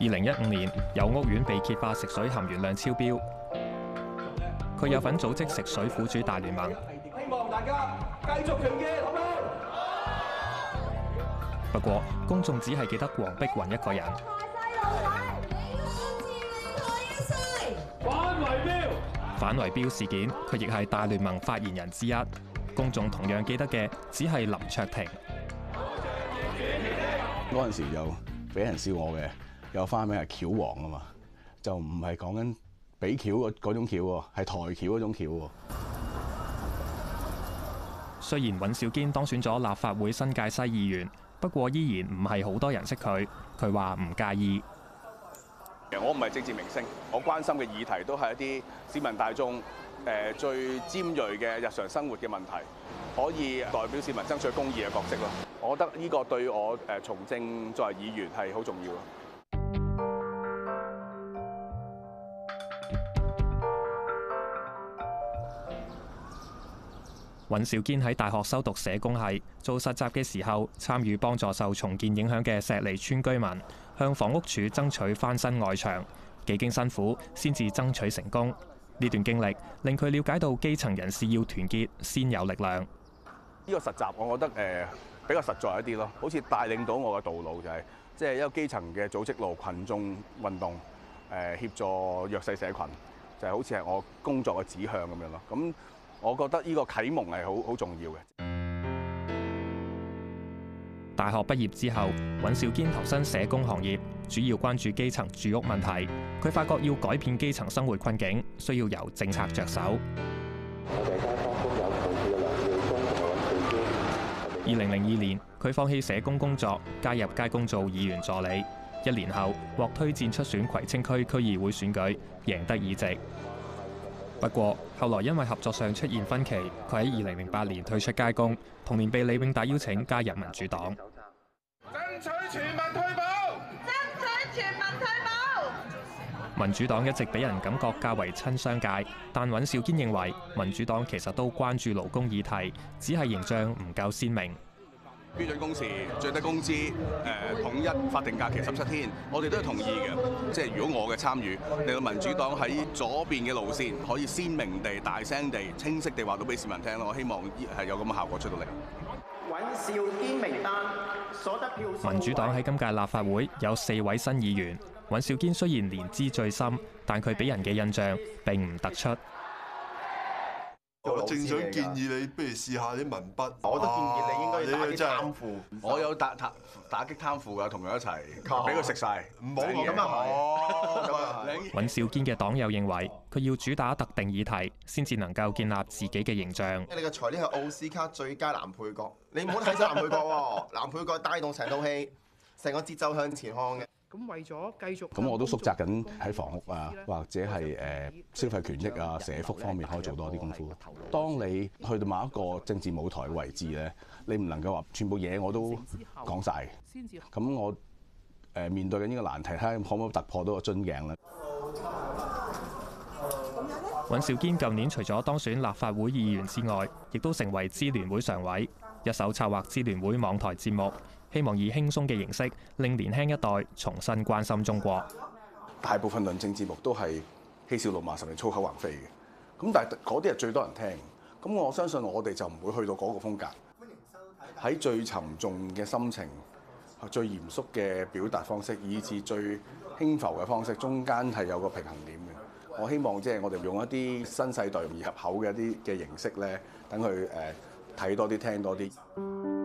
二零一五年，有屋苑被揭發食水含鉛量超標。佢有份組織食水苦主大聯盟。希望大家繼續團結。不過，公眾只係記得黃碧雲一個人。反圍標事件，佢亦係大聯盟發言人之一。公眾同樣記得嘅，只係林卓廷。嗰陣時就俾人笑我嘅。有花名係橋王啊嘛，就唔係講緊俾橋嗰，嗰種橋喎，係抬轎嗰種轎喎。雖然尹兆堅當選咗立法會新界西議員，不過依然唔係好多人識佢。佢話唔介意。我唔係政治明星，我關心嘅議題都係一啲市民大眾誒最尖鋭嘅日常生活嘅問題，可以代表市民爭取公義嘅角色咯。我覺得呢個對我誒從政作為議員係好重要咯。尹兆堅喺大學修讀社工系，做實習嘅時候參與幫助受重建影響嘅石籬村居民，向房屋署爭取翻新外牆，幾經辛苦先至爭取成功。呢段經歷令佢了解到基層人士要團結先有力量。呢個實習我覺得誒、呃、比較實在一啲咯，好似帶領到我嘅道路就係即係一個基層嘅組織路、群眾運動，誒、呃、協助弱勢社群，就係、是、好似係我工作嘅指向咁樣咯。咁我覺得呢個啟蒙係好好重要嘅。大學畢業之後，尹兆堅投身社工行業，主要關注基層住屋問題。佢發覺要改變基層生活困境，需要由政策着手。二零零二年，佢放棄社工工作，加入街工做議員助理。一年後，獲推薦出選葵青區區議會選舉，贏得議席。不過後來因為合作上出現分歧，佢喺二零零八年退出街工，同年被李永達邀請加入民主黨。爭取全民退保，爭取全民退保。民，民主黨一直俾人感覺較為親商界，但尹兆堅認為民主黨其實都關注勞工議題，只係形象唔夠鮮明。標準工時、最低工資、誒統一法定假期十七天，我哋都係同意嘅。即係如果我嘅參與，令到民主黨喺左邊嘅路線，可以鮮明地、大聲地、清晰地話到俾市民聽咯。我希望係有咁嘅效果出到嚟。尹兆堅名單所得票。民主黨喺今屆立法會有四位新議員，尹兆堅雖然年資最深，但佢俾人嘅印象並唔突出。我正想建議你，不如試下啲文筆。我都建議你應該要打擊貪腐。我有打打打擊貪腐噶，同佢一齊，俾佢食晒。唔好咁啊，係。尹兆堅嘅黨友認為，佢要主打特定議題，先至能夠建立自己嘅形象。你嘅材料係奧斯卡最佳男配角，你唔好睇做男配角喎，男配角帶動成套戲，成個節奏向前看嘅。咁為咗繼續，咁我都縮窄緊喺房屋啊，或者係誒消費權益啊、社福方面可以做多啲功夫。當你去到某一個政治舞台嘅位置咧，你唔能夠話全部嘢我都講晒嘅。咁我誒面對緊呢個難題，睇下可唔可以突破到個樽頸咧？尹兆堅舊年除咗當選立法會議員之外，亦都成為支聯會常委，一手策劃支聯會網台節目。希望以輕鬆嘅形式，令年輕一代重新關心中國。大部分論政節目都係嬉笑怒罵甚至粗口橫飛嘅。咁但係嗰啲係最多人聽，咁我相信我哋就唔會去到嗰個風格。喺最沉重嘅心情，最嚴肅嘅表達方式，以至最輕浮嘅方式，中間，係有個平衡點嘅。我希望即係，我哋用一啲新世代容易合口嘅一啲嘅形式咧，等佢誒睇多啲，聽多啲。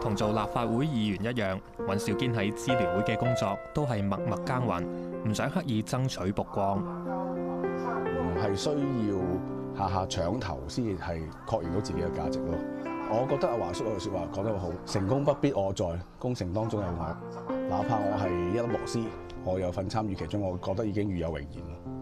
同做立法會議員一樣，尹兆堅喺支聯會嘅工作都係默默耕耘，唔想刻意爭取曝光，唔係需要下下搶頭先係確認到自己嘅價值咯。我覺得阿華叔句説話講得好，成功不必我在，功成當中有我，哪怕我係一粒螺絲，我有份參與其中，我覺得已經與有榮焉。